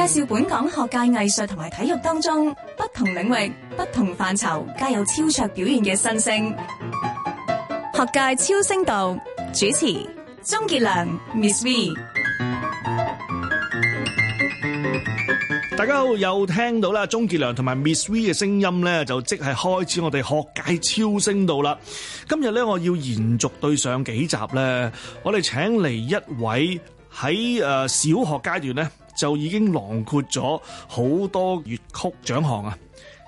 介紹本港學界藝術同埋體育，當中不同領域、不同範疇皆有超卓表現嘅新星，學界超星道主持鍾傑良 Miss V。大家好，又聽到啦，鍾傑良同埋 Miss V 嘅聲音咧，就即係開始我哋學界超星道啦。今日咧，我要延續對上幾集咧，我哋請嚟一位喺誒、呃、小學階段咧。就已經囊括咗好多粵曲獎項啊！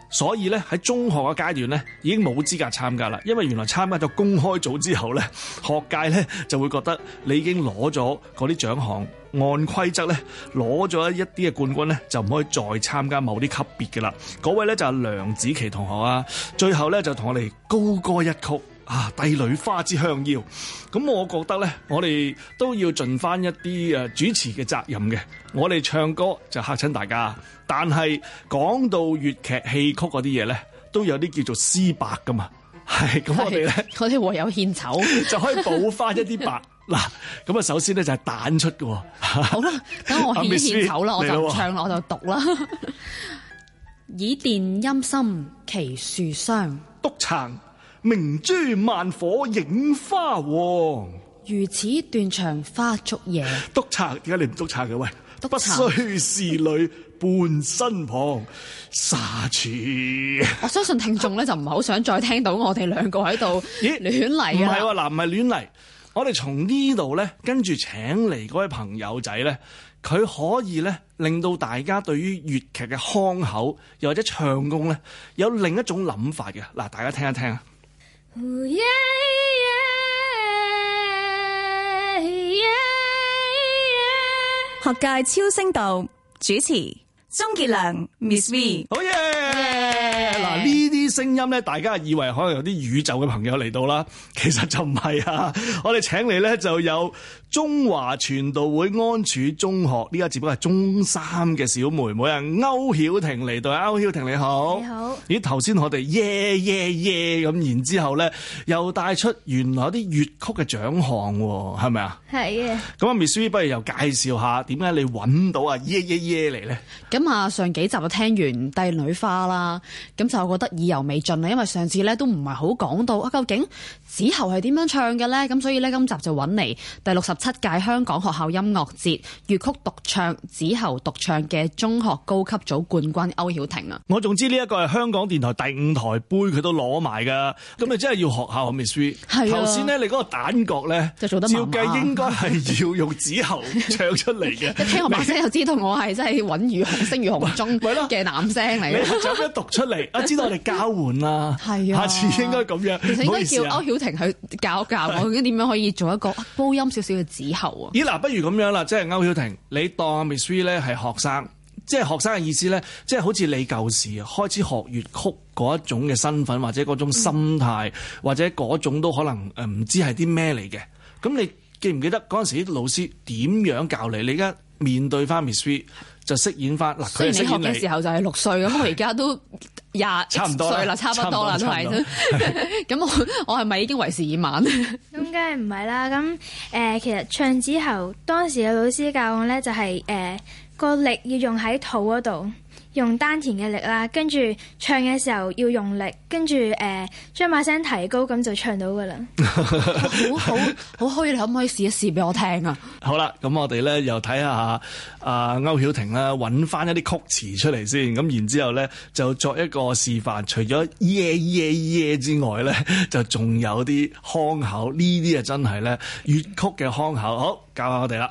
所以咧喺中學嘅階段咧，已經冇資格參加啦，因為原來參加咗公開組之後咧，學界咧就會覺得你已經攞咗嗰啲獎項，按規則咧攞咗一啲嘅冠軍咧，就唔可以再參加某啲級別嘅啦。嗰位咧就係梁子琪同學啊！最後咧就同我哋高歌一曲。啊！帝女花之香夭，咁我覺得咧，我哋都要盡翻一啲誒主持嘅責任嘅。我哋唱歌就嚇親大家，但係講到粵劇戲曲嗰啲嘢咧，都有啲叫做詩白噶嘛。係咁，我哋咧，我哋和有獻醜， 就可以補翻一啲白嗱。咁啊，首先咧就係、是、彈出嘅。 好啦，咁我獻 A 獻醜啦，我就唱啦，了我就讀啦。 倚殿陰森奇樹雙，篤撐。明珠萬火映花王，如此斷腸花燭夜。督察點解你唔督察嘅？喂，督賊不需侍女伴身旁，殺處 我相信聽眾咧就唔係好想再聽到我哋兩個喺度咦亂嚟啊？係喎，嗱唔係亂嚟，我哋從呢度咧跟住請嚟嗰位朋友仔咧，佢可以咧令到大家對於粵劇嘅腔口又或者唱功咧有另一種諗法嘅嗱，大家聽一聽啊！學界超聲道主持鍾傑良，Miss V。好耶！嗱，呢啲。聲音咧，大家以為可能有啲宇宙嘅朋友嚟到啦，其實就唔係啊！我哋請嚟咧就有中華傳道會安柱中學呢一節，本係中三嘅小妹妹啊，區曉婷嚟到，啊區曉婷你好，你好咦！頭先我哋耶耶耶咁，yeah, yeah, yeah, 然之後咧又帶出原來有啲粵曲嘅獎項係咪啊？係啊。咁啊，Ms V Yeah. 不如又介紹下點解你搵到啊耶耶耶嚟咧？咁啊，上幾集就聽完帝女花啦，咁就我覺得以由。未盡啊！因為上次咧都唔係好講到究竟子喉係點樣唱嘅咧，咁所以咧今集就揾嚟第六十七屆香港學校音樂節粵曲獨唱子喉獨唱嘅中學高級組冠軍區曉婷啊！我總知呢一個係香港電台第五台杯佢都攞埋㗎，咁你真係要學校咪輸。係啊！頭先咧你嗰個旦角咧，就做得麻麻，照計應該係要用子喉唱出嚟嘅。一 聽我把聲你就知道我係真係揾如洪聲、如洪鐘中嘅男聲嚟。你咩讀出嚟？我知道我哋教。換啦，啊、下次應該咁樣。其實應該叫歐曉婷去教一教我，究竟點樣可以做一個高音少少嘅子喉啊？咦，嗱，不如咁樣啦，即係歐曉婷，你當 Miss V 咧係學生，即係學生嘅意思咧，即係好似你舊時開始學粵曲嗰一種嘅身份，或者嗰種心態，或者嗰種都可能誒唔知係啲咩嚟嘅。咁你記唔記得嗰陣時啲老師點樣教你？你而家面對翻 Miss V 就飾演翻嗱，佢嘅，所以你學嘅時候就係六歲咁， 我而家都廿差唔多歲啦，差不多啦都係。咁我我係咪已經為時已晚？咁梗係唔係啦？咁誒、呃，其實唱子喉當時嘅老師教我咧，就係誒個力要用喺肚嗰度。用丹田嘅力啦，跟住唱嘅時候要用力，跟住誒將把聲提高，咁就唱到噶啦、 哦，好好好虛，你可唔可以試一試俾我聽啊？ 好啦，咁我哋咧又睇下啊區曉婷啦，揾、呃、翻一啲曲詞出嚟先，咁然之後咧就作一個示範，除咗耶耶耶之外咧，就仲有啲腔口，呢啲啊真係咧粵曲嘅腔口。好，教下我哋啦。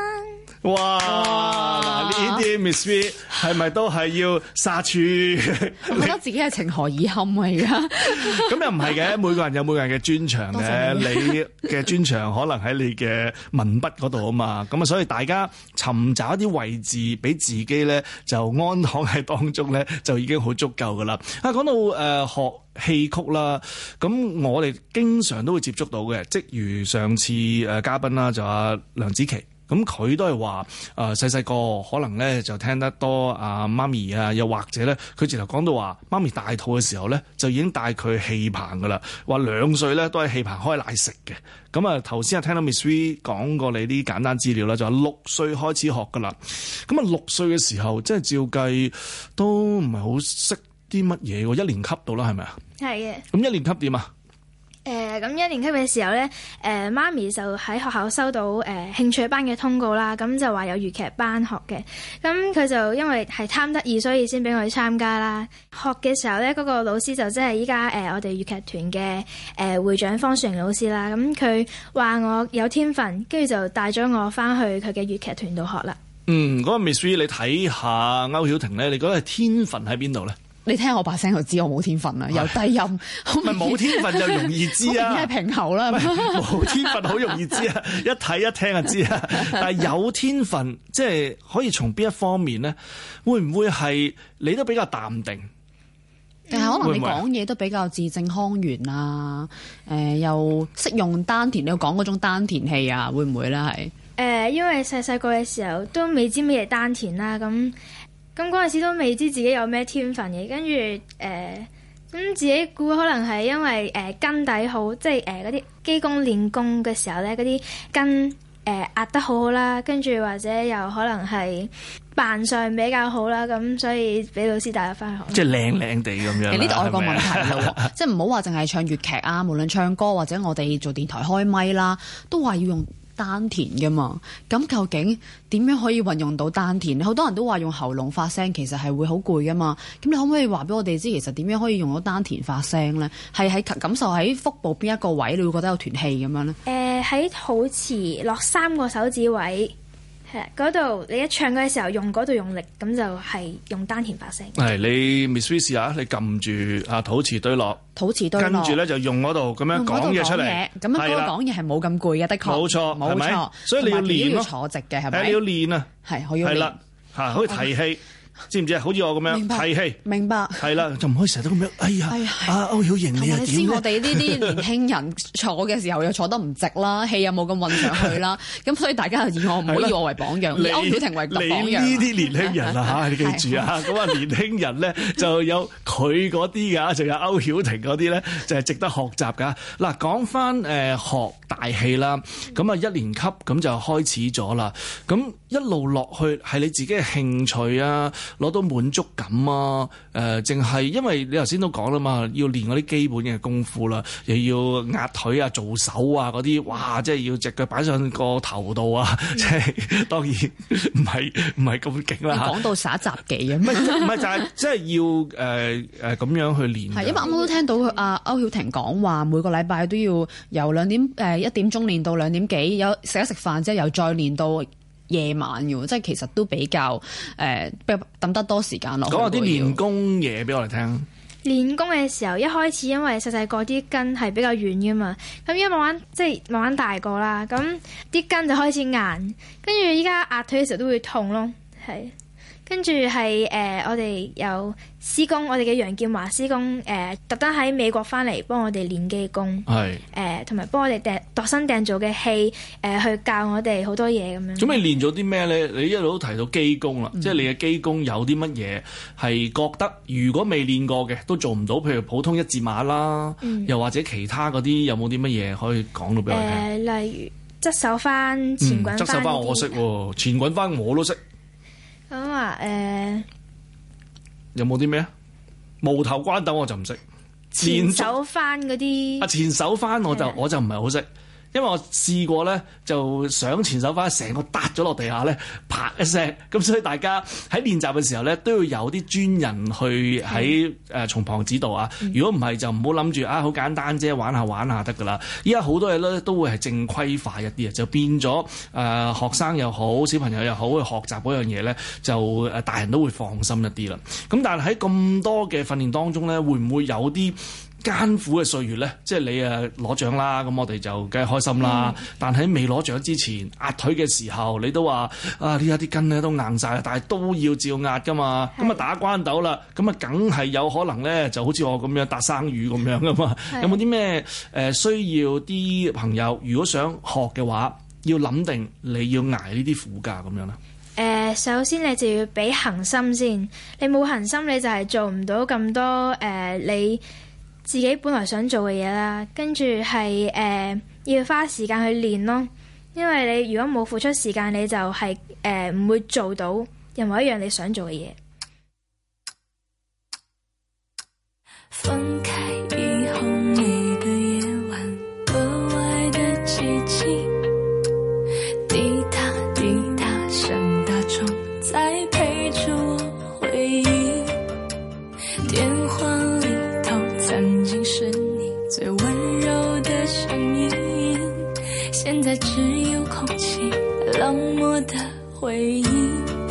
哇！呢啲 Ms V 係咪都係要殺柱？覺得自己係情何以堪啊。而家咁又唔係嘅？每個人有每個人嘅專長嘅，謝你嘅 專長可能喺你嘅文筆嗰度啊嘛。咁啊，所以大家尋找一啲位置俾自己咧，就安躺喺當中咧，就已經好足夠噶啦。啊，講到誒、呃、學戲曲啦，咁我哋經常都會接觸到嘅，即如上次誒嘉賓啦，就阿梁子琪。咁佢、嗯、都係話誒細細個可能咧就聽得多阿、啊、媽咪啊，又或者咧佢直頭講到話媽咪大肚嘅時候咧就已經帶佢戲棚噶啦，話兩歲咧都喺戲棚開奶食嘅。咁啊頭先啊聽到 Ms V 講過你啲簡單資料啦，就話六歲開始學噶啦。咁、嗯、啊六歲嘅時候即係照計都唔係好識啲乜嘢喎，一年級到啦係咪啊？係啊，咁的一年級點啊？誒，咁、呃、一年級嘅時候呢，誒、呃、媽咪就喺學校收到誒、呃、興趣班嘅通告啦，咁就話有粵劇班學嘅，咁佢就因為係貪得意，所以先俾我去參加啦。學嘅時候呢，嗰、那個老師就即係依家誒我哋粵劇團嘅誒會長方樹榮老師啦，咁佢話我有天分，跟住就帶咗我翻去佢嘅粵劇團度學啦。嗯、嗰、那個 Ms V 你睇下區曉婷呢，你覺得係天分喺邊度呢？你聽我把聲就知我冇天分啦，又低音，唔係冇天分就容易知啦，啊，梗係平喉啦。冇天分好容易知啊， 一睇一聽就知啊。但係有天分，即、就、係、係、可以從邊一方面咧？會唔會係你都比較淡定？但係、嗯、可能你講嘢都比較字正腔圓啊，誒，又識用丹田，你講嗰種丹田氣啊，會唔會咧？係誒、呃，因為細細個嘅時候都未知咩嘢丹田啦，咁。咁嗰陣時都未知自己有咩天分嘅，跟住誒，咁、呃、自己估可能係因為誒、呃、筋底好，即係誒嗰啲基功練功嘅時候咧，嗰啲筋誒、呃、壓得好好啦，跟住或者又可能係扮相比較好啦，咁所以俾老師帶咗翻學。即係靚靚地咁樣。呢度，我個問題即係唔好話淨係唱粵劇啊，無論唱歌或者我哋做電台開咪啦，都話要用。丹田噶嘛？咁究竟點樣可以運用到丹田？好多人都話用喉嚨發聲，其實係會好攰噶嘛？咁你可唔可以話俾我哋知，其實點樣可以用到丹田發聲呢？係喺感受喺腹部邊一個位，你會覺得有團氣咁樣呢？誒、呃，喺肚臍落三個手指位。嗰度，你一唱嘅時候用嗰度用力，咁就係用丹田發聲。係你 Miss Reese 啊，你撳住啊，肚臍對落，肚臍對落，跟住咧就用嗰度咁樣講嘢出嚟。咁樣講嘢係冇咁攰嘅，的確。冇錯，係咪？所以你要練咯。坐直嘅，係咪？你要練啊，係可以練。係啦，吓可以提氣。嗯知唔知啊？好似我咁樣，睇戲，明白，係啦，就唔可以成日都咁樣。哎呀，阿區曉婷，你知我哋呢啲年輕人坐嘅時候又坐得唔直啦，氣又冇咁混上去啦，咁所以大家以我唔可以我為榜樣，以區曉婷為榜樣。你呢啲年輕人啊，吓你記住啊！咁啊，年輕人咧就有佢嗰啲噶，就有區曉婷嗰啲咧，就係值得學習噶。嗱，講翻誒學大戲啦，咁啊一年級咁就開始咗啦，咁一路落去係你自己嘅興趣啊。攞到滿足感啊！誒、呃，淨係因為你頭先都講啦嘛，要練嗰啲基本嘅功夫啦，又要壓腿啊、做手啊嗰啲，哇！即係要隻腳擺上個頭度啊，嗯、即係當然唔係唔係咁勁啦。講、啊、到耍雜技啊，唔係就係即係要誒誒咁樣去練。係 因為啱啱都聽到阿區曉婷講話，每個禮拜都要由兩點誒一、呃、點鐘練到兩點幾，有食一食飯之後又再練到。夜晚嘅，即係其實都比較誒、呃、等得多時間落。講下啲練功嘢俾我哋聽。練功嘅時候，一開始因為細細個啲筋係比較軟㗎嘛，咁依家慢慢即係、就是、慢慢大個啦，咁啲筋就開始硬，跟住依家壓腿嘅時候都會痛咯，係。跟住係誒，我哋有師公，我哋嘅楊建華師公誒，特登喺美國返嚟幫我哋練基功，誒同埋幫我哋訂度身訂造嘅戲，誒、呃、去教我哋好多嘢咁、嗯、樣。咁你練咗啲咩咧？你一路都提到基功啦，即係你嘅基功有啲乜嘢係覺得如果未練過嘅都做唔到，譬如普通一字馬啦，又、嗯、或者其他嗰啲有冇啲乜嘢可以講到俾我聽、呃？例如側手翻、前滾翻。側手翻我識喎，前滾翻我都識。咁話誒，嗯嗯、有冇啲咩啊？無頭關斗我就唔識，前手翻嗰啲啊，前手翻我就的我就唔係好識。因為我試過咧，就想前手翻，成個嗒咗落地下咧，啪一聲。咁所以大家喺練習嘅時候咧，都要有啲專人去喺誒從旁指導啊。如果唔係就唔好諗住啊，好簡單啫，玩下玩下得㗎啦。依家好多嘢咧都會係正規化一啲啊，就變咗誒、呃、學生又好，小朋友又好去學習嗰樣嘢咧，就誒大人都會放心一啲啦。咁但係喺咁多嘅訓練當中咧，會唔會有啲艱苦嘅歲月咧，即係你誒攞獎啦，咁我哋就梗係開心啦。嗯、但喺未攞獎之前壓腿嘅時候，你都話啊呢一啲筋咧都硬晒，但係都要照壓噶嘛。咁啊的打關斗啦，咁啊梗係有可能咧就好似我咁樣搭生魚咁樣噶嘛。的有冇啲咩誒需要啲、呃、朋友，如果想學嘅話，要諗定你要挨呢啲苦架咁樣咧。誒、呃，首先你就要俾恆心先，你冇恆心你就係做唔到咁多誒、呃。你自己本來想做嘅嘢啦，跟住係誒要花時間去練咯，因為你如果冇付出時間，你就係誒唔會做到任何一樣你想做嘅嘢。分現在只有空氣，冷漠的回應。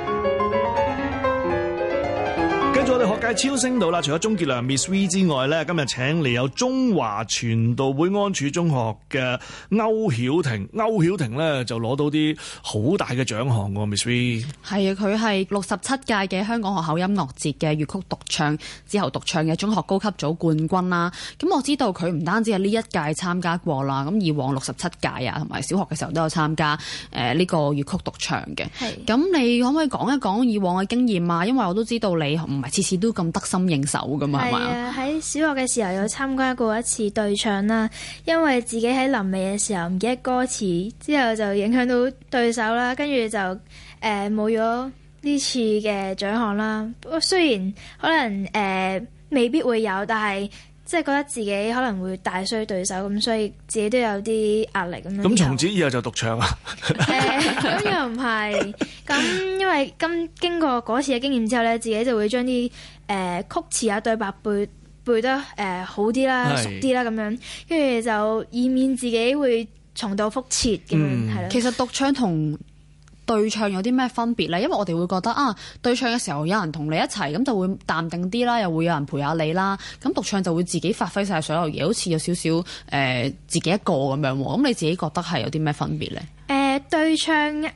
咁我哋學界超聲到啦，除咗鍾傑良 Miss V 之外咧，今日請嚟有中華傳道會安柱中學嘅區曉婷。區曉婷咧就攞到啲好大嘅獎項喎，Miss V e 係啊，佢係六十七屆嘅香港學校音樂節嘅粵曲獨唱之後獨唱嘅中學高級組冠軍啦。咁我知道佢唔單止係呢一屆參加過啦，咁以往六十七屆啊，同埋小學嘅時候都有參加誒呢、呃這個粵曲獨唱嘅。係咁的，你可唔可以講一講以往嘅經驗啊？因為我都知道你唔係，次次都咁得心應手㗎嘛？係啊！喺吧小學嘅時候有參加過一次對唱啦，因為自己喺臨尾嘅時候唔記得歌詞，之後就影響到對手啦，跟住就誒冇咗呢次嘅獎項啦。不過雖然可能誒、呃、未必會有，但係。即係覺得自己可能會大衰對手咁，所以自己都有啲壓力咁樣。咁從此以後就獨唱啊？誒，又唔係。咁因為今經過嗰次嘅經驗之後咧，自己就會將啲誒曲詞啊對白背背得誒好啲啦，是熟啲啦咁樣，跟住就以免自己會重蹈覆轍嘅。嗯，的其實獨唱同對唱有啲咩分別呢？因為我哋會覺得啊，對唱嘅時候有人同你一齊，咁就會淡定啲啦，又會有人陪下你啦。咁獨唱就會自己發揮晒所有嘢，好似有少少誒自己一個咁樣喎。咁你自己覺得係有啲咩分別呢？誒、呃、對唱誒係、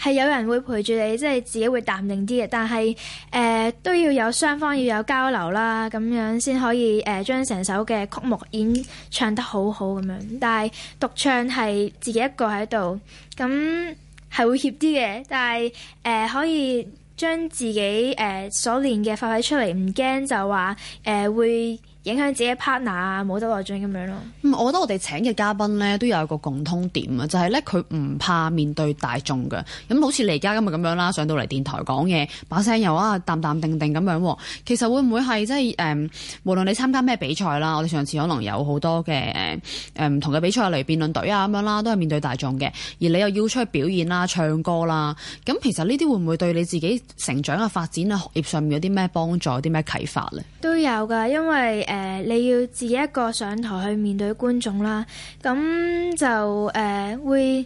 呃、有人會陪住你，即、就、係、是、自己會淡定啲嘅。但係誒、呃、都要有雙方要有交流啦，咁樣先可以誒、呃、將成首嘅曲目演唱得好好咁樣。但係獨唱係自己一個喺度咁。係會怯啲嘅，但係誒、呃、可以將自己誒、呃、所練嘅發揮出嚟，唔驚就話誒、呃、會。影響自己 partner 啊，冇得外進咁樣咯。我覺得我哋請嘅嘉賓咧，都有一個共通點啊，就係咧佢唔怕面對大眾嘅。咁好似你而家今日咁樣啦，上到嚟電台講嘢，把聲又啊，淡淡定定咁樣。其實會唔會係即係誒、嗯？無論你參加咩比賽啦，我哋上次可能有好多嘅誒唔同嘅比賽嚟辯論隊啊咁樣啦，都係面對大眾嘅。而你又要出去表演啦、唱歌啦，咁其實呢啲會唔會對你自己成長嘅發展啊、學業上面有啲咩幫助、有啲咩啟發咧？都有㗎，因為、嗯誒，你要自己一個上台去面對觀眾啦，咁就誒、呃、會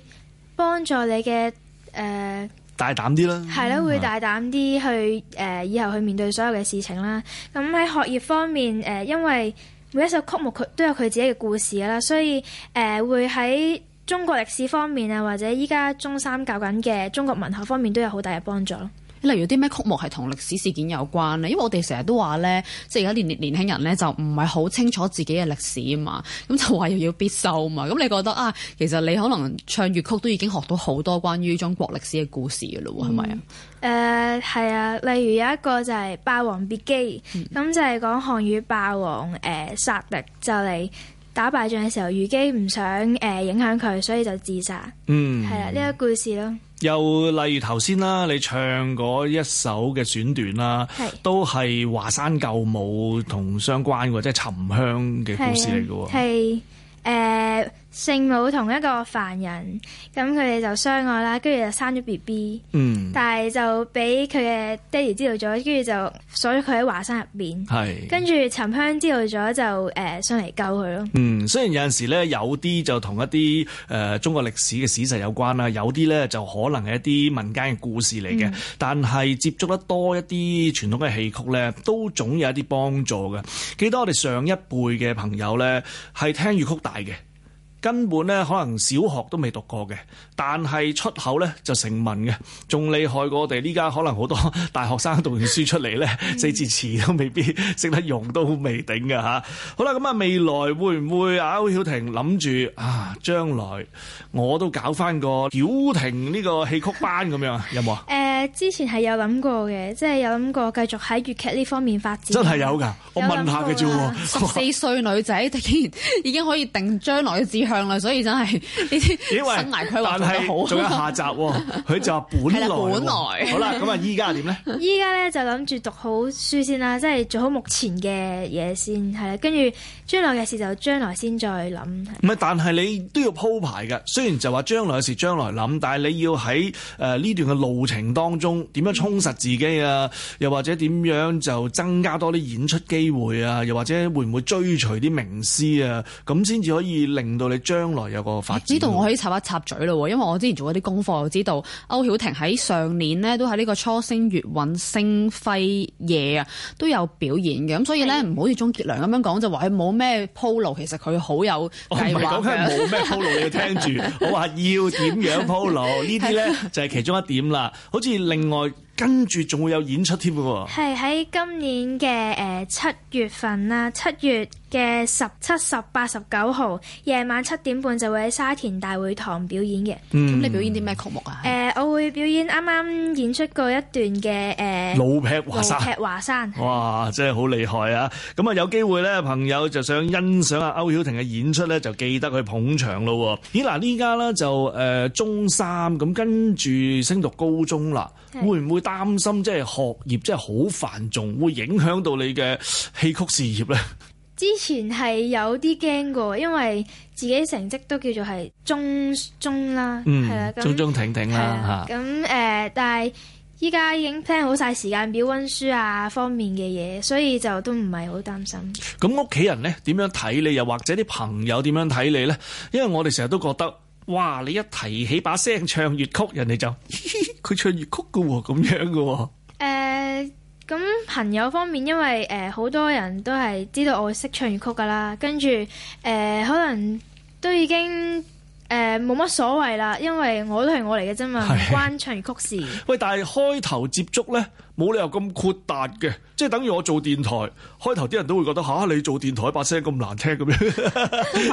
幫助你嘅誒、呃、大膽啲啦。係啦，會大膽啲去誒、呃、以後去面對所有嘅事情啦。咁喺學業方面，誒、呃、因為每一首曲目佢都有佢自己嘅故事啦，所以誒、呃、會喺中國歷史方面啊，或者依家中三教緊嘅中國文學方面都有好大嘅幫助。例如啲咩曲目係同歷史事件有關咧？因為我哋成日都話咧，即係而家年年輕人咧就唔係好清楚自己嘅歷史啊嘛，咁就話又要必修嘛。咁你覺得啊，其實你可能唱粵曲都已經學到好多關於中國歷史嘅故事噶嘞喎，係咪啊？誒係、呃、啊，例如有一個就係《霸王別姬》嗯，咁就係講項羽霸王誒、呃、殺敵就嚟打敗仗嘅時候，虞姬唔想誒、呃、影響佢，所以就自殺。嗯，係啦、啊，呢、這個故事咯。又例如頭先啦，你唱嗰一首嘅選段啦，係。都係華山救母同相關嘅喎，即係沉香嘅故事嚟嘅喎。係，誒。聖母同一個凡人咁，佢哋就相愛啦，跟住就生咗 BB，但係就俾佢嘅爹哋知道咗，跟住就鎖咗佢喺華山入面。係，跟住沉香知道咗，就誒上嚟救佢咯。嗯，雖然有陣時咧，有啲就同一啲誒中國歷史嘅史實有關啦，有啲咧就可能係一啲民間嘅故事嚟嘅，但係接觸得多一啲傳統嘅戲曲咧，都總有一啲幫助嘅。記得我哋上一輩嘅朋友咧，係聽粵曲大嘅。根本咧可能小學都未讀過嘅，但係出口咧就成文嘅，仲厲害過我哋呢家可能好多大學生讀完書出嚟咧 四字詞都未必識得用都未頂嘅吓。好啦，咁啊未來會唔會區曉婷諗住啊將來我都搞翻個曉婷呢個戲曲班咁樣啊，有冇啊？誒、欸，之前係有諗過嘅，即係有諗過繼續喺粵劇呢方面發展。真係有㗎，我問下嘅啫，十四歲女仔竟然已經可以定將來嘅志唱啦，所以真係呢啲生涯規劃做得好。仲有下集喎、哦，佢 就話本， 本來。本 來好啦，咁啊，依家點咧？依家咧就諗住讀好書先啦，即係做好目前嘅嘢先，係啦。跟住將來嘅事就將來先再諗。唔係，但係你都要鋪排㗎。雖然就話將來嘅事將來諗，但係你要喺誒呢段嘅路程當中，點樣充實自己啊？又或者點樣就增加多啲演出機會啊？又或者會唔會追隨啲名師啊？咁先至可以令到你。將來有個發展。知道我可以插一插嘴咯，因為我之前做咗啲功課，我知道區曉婷喺上年咧都喺呢個初星月韻星輝夜啊，都有表演嘅。咁所以咧，唔好似鍾傑良咁樣講，就話佢冇咩鋪路。其實佢好有係話。我唔係講佢冇咩鋪路，說說 你要聽住。我話要點樣鋪路？ 呢啲咧就係、是、其中一點啦。好似另外跟住仲會有演出添嘅喎。係喺今年嘅誒七月份啊，七月。嘅十七、十八、十九號夜晚七點半就會喺沙田大會堂表演嘅。嗯，咁你表演啲咩曲目啊？誒、呃，我會表演啱啱演出過一段嘅誒。老、呃、劈華山。劈華山。哇，真係好厲害啊！咁啊，有機會咧，朋友就想欣賞阿歐曉婷嘅演出咧，就記得去捧場咯。咦，嗱，呢家咧就誒、呃、中三咁，跟住升讀高中啦，的會唔會擔心即係學業即係好繁重，會影響到你嘅戲曲事業咧？之前係有啲驚過，因為自己成績都叫做係中中啦，係、嗯啊、啦，中中停停啦嚇。咁、呃、誒，但係依家已經 plan 好晒時間表、温書啊方面嘅嘢，所以就都唔係好擔心。咁屋企人咧點樣睇你？又或者啲朋友點樣睇你咧？因為我哋成日都覺得，哇！你一提起把聲唱粵曲，人哋就嘻嘻，佢 唱粵曲噶喎，咁樣噶喎。咁朋友方面，因為誒好、呃、多人都係知道我識唱粵曲噶啦，跟住誒可能都已經誒冇乜所謂啦，因為我都係我嚟嘅啫嘛，唔的關唱粵曲事。喂，但係開頭接觸呢。冇理由咁闊達嘅，即係等於我做電台，開頭啲人都會覺得嚇，你做電台把聲咁難聽咁樣。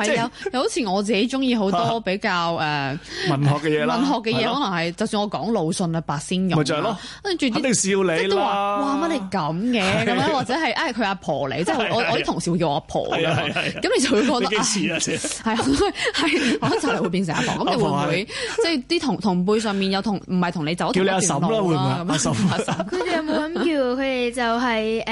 即係又好似我自己中意好多比較誒文學嘅嘢啦，文學嘅嘢可能係就算我講魯迅啊、白先勇咪就係咯，跟住啲笑你啦，哇乜你咁嘅咁樣，或者係啊佢阿婆嚟，即係我我啲同事會叫我阿婆嘅，咁你就會覺得係係可能就係會變成阿婆，咁你會唔會即係啲同同輩上面有同唔係同你走？叫你阿嬸啦，冇咁叫佢哋，就係誒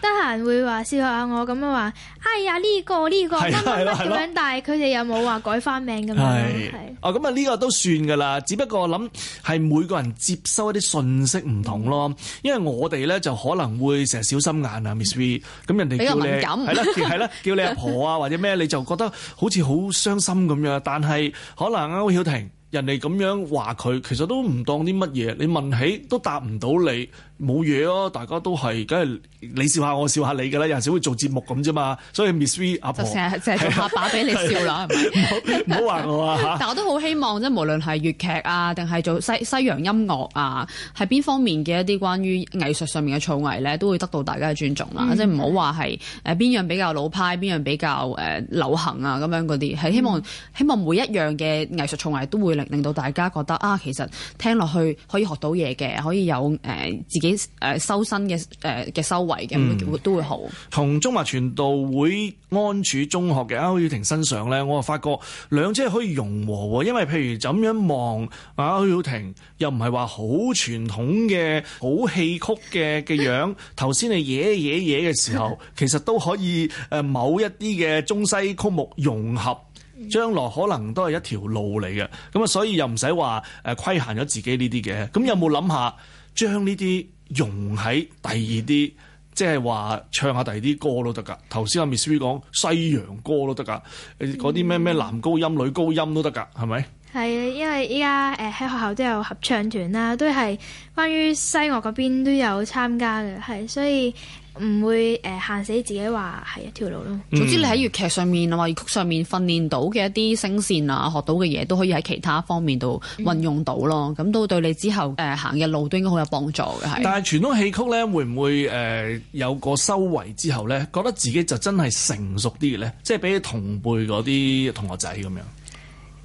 得閒會話笑下我咁樣，話哎呀呢個呢個乜乜乜咁樣，但係佢哋又冇話改翻名咁樣。係啊咁啊呢個都算噶啦，只不過我諗係每個人接收一啲信息唔同咯，因為我哋咧就可能會成日小心眼啊，Ms V，咁人哋叫你比較敏感係啦係啦，叫你阿婆啊或者咩，你就覺得好似好傷心咁樣。但係可能區曉婷人哋咁樣話佢，其實都唔當啲乜嘢，你問起都答唔到你。冇嘢咯，大家都係，梗係你笑下我笑下你嘅啦，有陣時會做節目咁啫嘛。所以 Ms V 阿婆就成日成日做拍把俾你笑啦，唔好唔好話我啊。哈哈，但我都好希望即係無論係粵劇啊，定係做西西洋音樂啊，係邊方面嘅一啲關於藝術上面嘅創藝咧，都會得到大家嘅尊重啦。即係唔好話係誒邊樣比較老派，邊樣比較誒、呃、流行啊咁樣嗰啲，係希望、嗯、希望每一樣嘅藝術創藝都會令令到大家覺得啊，其實聽落去可以學到嘢嘅，可以有誒、呃幾誒修身嘅誒嘅修為嘅，都會好。從中華傳道會安柱中學嘅阿區曉婷身上咧，我就發覺兩者可以融合。因為譬如怎樣望阿區曉婷，又唔係話好傳統嘅、好戲曲嘅嘅樣。頭先 你嘢嘢嘢嘅時候，其實都可以誒某一啲嘅中西曲目融合。將來可能都係一條路嚟嘅。咁啊，所以又唔使話誒規限咗自己呢啲嘅。咁有冇諗下？將呢啲融喺第二啲，即係話唱下第二啲歌都得噶。頭先阿 Miss 講西洋歌都得噶，嗰啲咩咩男高音、女高音都得噶，係咪？係啊，因為依家誒喺學校都有合唱團啦，都係關於西樂嗰邊都有參加嘅，係所以唔會誒限、呃、死自己話係一條路咯。嗯、總之你喺粵劇上面啊，或粵曲上面訓練到嘅一啲聲線啊，學到嘅嘢都可以喺其他方面度運用到咯，咁、嗯、都對你之後誒行嘅路都應該好有幫助嘅。係。但係傳統戲曲咧，會唔會誒、呃、有個修為之後咧，覺得自己就真係成熟啲嘅咧？即係比起同輩嗰啲同學仔咁樣。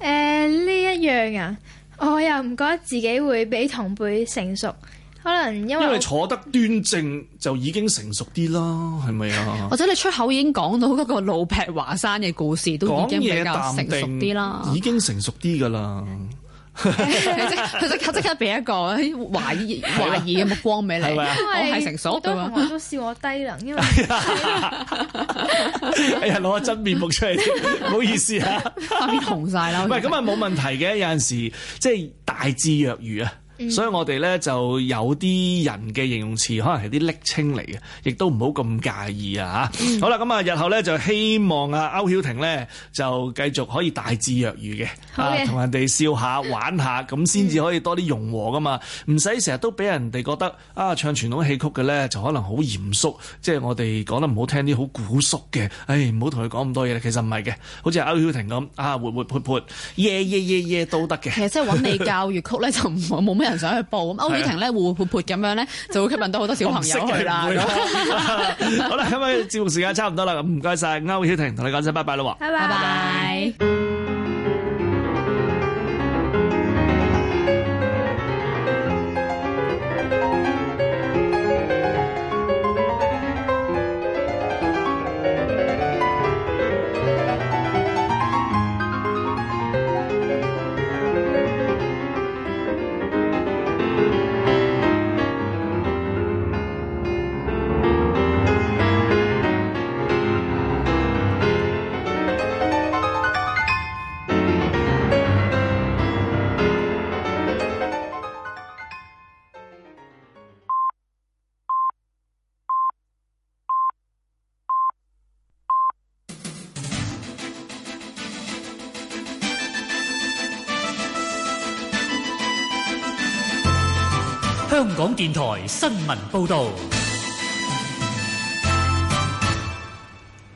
誒，呢一、uh, 樣啊，我又唔覺得自己會比同輩成熟，可能因為，因為坐得端正就已經成熟啲啦，係咪啊？或者 你出口已經講到嗰個老劈華山嘅故事，都已經比較成熟啲啦，已經成熟啲噶啦。 即即 刻即刻俾一個啲懷疑懷疑嘅目光俾你，吧我係成熟，都我都笑我低能，因為 哎呀攞個真面目出嚟，唔好意思啊，面 紅晒啦。唔係咁係冇問題嘅，有陣時即係大智若愚啊。所以我哋咧就有啲人嘅形容詞可能係啲暱稱嚟嘅，亦都唔好咁介意啊吓。好啦，咁啊日後咧就希望啊區曉婷咧就繼續可以大智若愚嘅，啊同人哋笑下玩下，咁先至可以多啲融和噶嘛，唔使成日都俾人哋覺得啊唱傳統戲曲嘅咧就可能好嚴肅，即係我哋講得唔好聽啲好古縮嘅，誒，唔好同佢講咁多嘢，其實唔係嘅，好似區曉婷咁啊活活潑潑，耶耶耶耶都得嘅。其實即係揾你教粵曲咧就冇冇咩。人想去報，咁歐曉婷咧，活活潑潑咁樣咧就會吸引到好多小朋友去啦。好啦，今日節目時間差唔多啦，唔該晒歐曉婷，同你講聲拜拜啦喎，拜拜。電台新聞報道：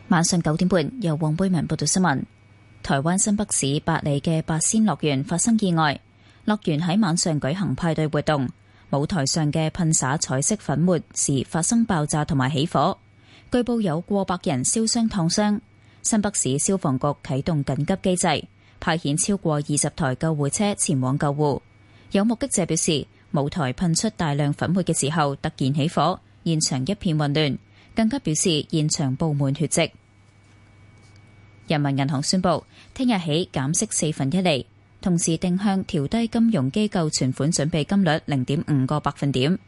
晚上九點半，由黃貝文報道新聞。台灣新北市八里嘅八仙樂園發生意外，樂園喺晚上舉行派對活動，舞台上嘅噴灑彩色粉末時發生爆炸同埋起火，據報有過百人燒傷燙傷。新北市消防局啟動緊急機制，派遣超過二十台救護車前往救護。有目擊者表示。舞台噴出大量粉末嘅時候，突然起火，現場一片混亂，更加表示現場布滿血跡。人民銀行宣布，聽日起減息四分一厘，同時定向調低金融機構存款準備金率零點五個百分點。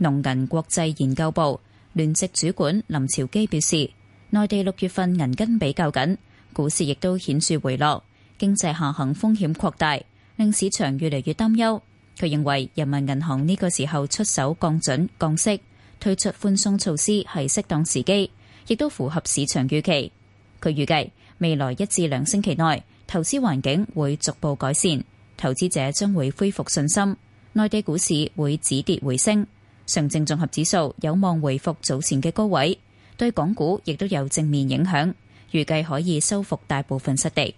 農銀國際研究部聯席主管林朝基表示，內地六月份銀根比較緊，股市亦都顯著回落，經濟下行風險擴大，令市場越嚟越擔憂。佢認為人民銀行呢個時候出手降準、降息、推出寬鬆措施係適當時機，亦都符合市場預期。佢預計未來一至兩星期內投資環境會逐步改善，投資者將會恢復信心，內地股市會止跌回升，上證綜合指數有望回復早前嘅高位，對港股亦都有正面影響，預計可以收復大部分失地。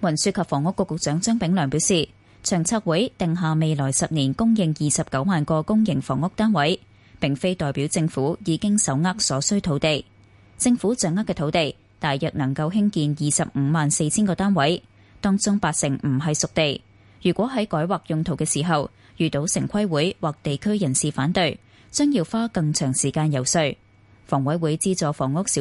運輸及房屋局局長張炳良表示。長策會定下未來十年供應二十九萬個公營房屋單位，並非代表政府已經手握所需土地。政府掌握嘅土地大約能夠興建二十五萬四千個單位，當中八成唔係熟地。如果喺改劃用途嘅時候遇到城規會或地區人士反對，將要花更長時間遊說房委會資助房屋小。